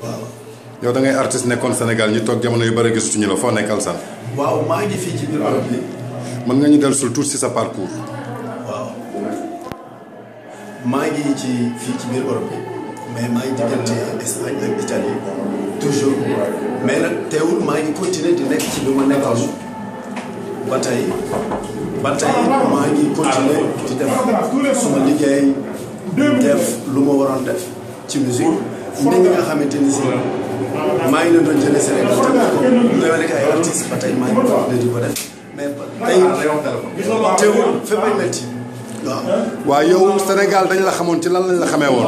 waaw. yow dangay ngay nekkoon Sénégal ñu toog jamono yu bari bëri gisutuñu la foo nekk Alassane. waaw maa ngi fii ci biir barab bi. mën nga dellu sul tuuti sa parcours. waaw maa ci fii ci biir Europe bi mais maa ngi diggante Espagne ak Italie toujours mais nag teewul maa ngi continuer di nekk ci bi ma nekkoon ba ba tey maa ngi continuer di def suma liggéey def lu ma waroon def ci musique. nit ñi nga xamante ni si maa ngi leen doon jëlee Sénégal te ko yow Sénégal dañ la xamoon ci lan lañ la xamee woon.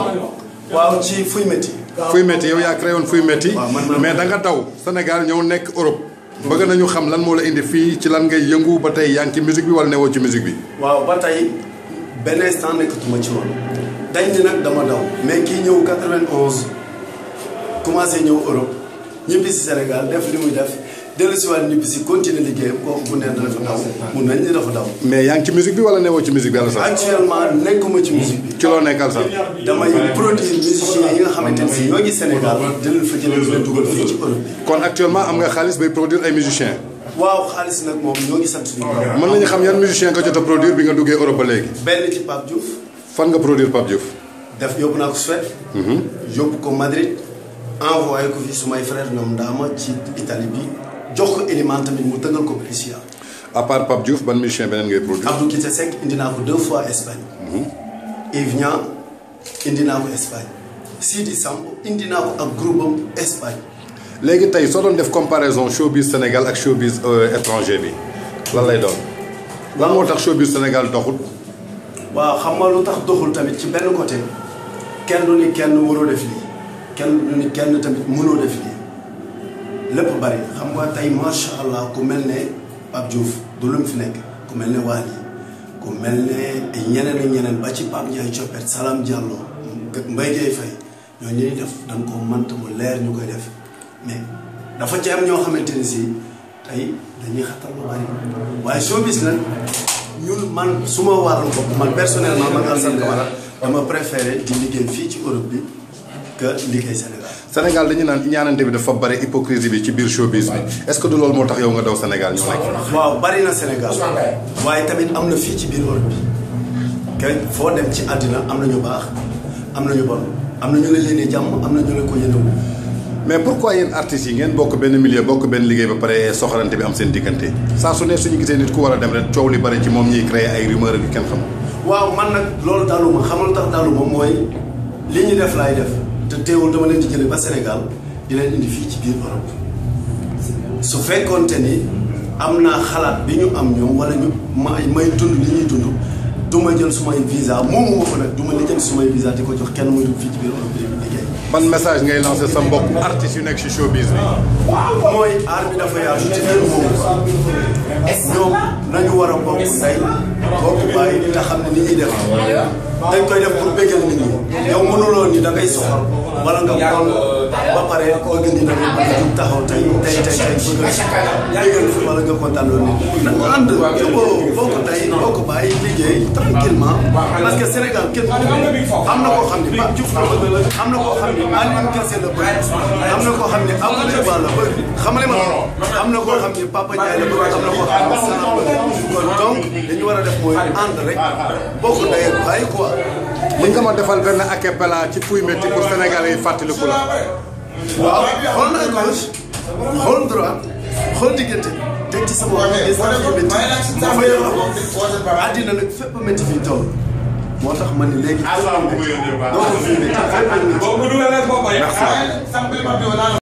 waaw ci fuy métti. fuy métti yow yaa créé woon fuy métti. mais danga nga daw Sénégal ñëw nekk Europe. bëgg nañu xam lan moo la indi fii ci lan ngay yëngu ba tey yaa ci musique bi wala newoo ci musique bi. benn instant nekkatuma ci woon dañ ni nag dama daw mais kii ñëw 91 commencé ñëw Europe ñibbi si Sénégal def li muy def dellu si waat ñibbi si continuer liggéeyam kooku bu ne dafa daw mun nañ ni dafa daw. mais yaa ngi ci musique bi wala newoo ci musique bi Alassane. actuellement nekkuma ci musique bi. ci loo nekk Alassane. damay produire musiciens yi nga xamante ne si ñoo ngi Sénégal di leen fa dugal fii ci Europe. kon actuellement am nga xaalis bay produire ay musiciens. waaw xaalis nag moom ñoo ngi sant suñu borom. mën nañu xam yan musicien nga jot a produire bi nga duggee Europe ba léegi. benn ci Pape Diouf. fan nga produire Pape Diouf. def yóbbu naa ko Suède. Mhm. yóbbu ko Madrid envoyé ko fi sumay frère ñoom ndaama ci Italie bi jox ko élément tamit mu tëggal ko Brescia. à part Pape Diouf ban musicien beneen ngay produire. Abdou Kité Seck indi naa ko deux fois Espagne. Mhm. Yves Niang indi naa ko Espagne. Sidi Samb indi naa ko ak groupe am Espagne. léegi tay so done def comparaison showbiz Sénégal ak showbiz euh, étranger bi lan lay doon. lan moo tax showbiz Sénégal doxul. Wa xam nga lu tax doxul tamit ci benn côté kenn du ni kenn waroo def li. kenn du ni kenn tamit mënoo def li. lépp bari xam nga tay macha allah ku mel ne Pape Diouf du lu fi nekk ku mel ne Wally ku mel ne ñeneen ak ñeneen ba ci Pape Ndiaye Coppet Salam Diallo Mbaye Dieye Faye ñooñu ñuy def da nga koo mënta mu leer ñu koy def. mais dafa ci am ñoo xamante ne si tey dañuy xatal lu bari waaye showbiz nag ñun man su ma wàllu bopp man personnellement man Alassane Camara dama préféré di liggéey fii ci Europe bi que liggéey senegal Sénégal dañu naan ñaanante bi dafa bari hypocrisie bi ci biir showbiz bi est-ce que du loolu moo tax yow nga daw Sénégal ñu nekk. waaw bari na Sénégal waaye tamit am na fii ci biir Europe bi kenn foo dem ci àddina am na ñu baax am na ñu bon am na ñu la yéene jàmm am na ñu ko yéenewu. mais pourquoi yéen artistes yi ngeen bokk benn milieu bokk benn liggéey ba pare soxorante bi am seen diggante saa su ne suñu gisee nit ku war a dem rek coow li bari ci moom ñuy créer ay rumeur ak kenn xam. waaw man nag loolu daaluma xamal tax daaluma mooy li ñu def laay def te teewul dama leen di jëlee ba Sénégal di leen indi fii ci biir Europe su fekkoonte ni am naa xalaat bi ñu am ñoom wala ñu may dund li ñuy dund. du ma jël sumay visa moom moo ko nag du ma lijjanti sumay visa di ko jox kenn muy dugg fii ci biir Europe bi liggéey. ban message ngay lancé sa mbokk artistes yu nekk ci showbiz bi. mooy art bi dafa yaatu ci biir war a bokk ndey bokk bàyyi te ne ni ñuy def. dañ koy def pour bégal nit ñi yow mënuloo ni da ngay soxor wala nga bon ba pare bëgg ni da ngay mën a jug taxaw tey tey tey tey bëgg a wala nga kontaan loolu nit na nga ànd juboo boo ko tey boo ko bàyyi liggéey parce que Sénégal kenn am na koo xam ne Pape Diouf la bëgg am na koo xam ne Aliou Kessé la bëgg am na koo xam ne Abdoulaye Ba la bëgg xam nga li ma am na koo xam ne Papa Ndiaye la bëgg xam ne Sala bëgg dañu war a def mooy ànd rek bokk ndey ak baay quoi. mën nga ma defal benn acapella ci Pouye Métti pour Sénégalais yi fàttaliku la. waaw xool na gauche xool droit xool diggante teg ci sama wàllu message yu métti ma fay wax àddina nag fépp métti fi toll. moo tax ma ne léegi. allah amul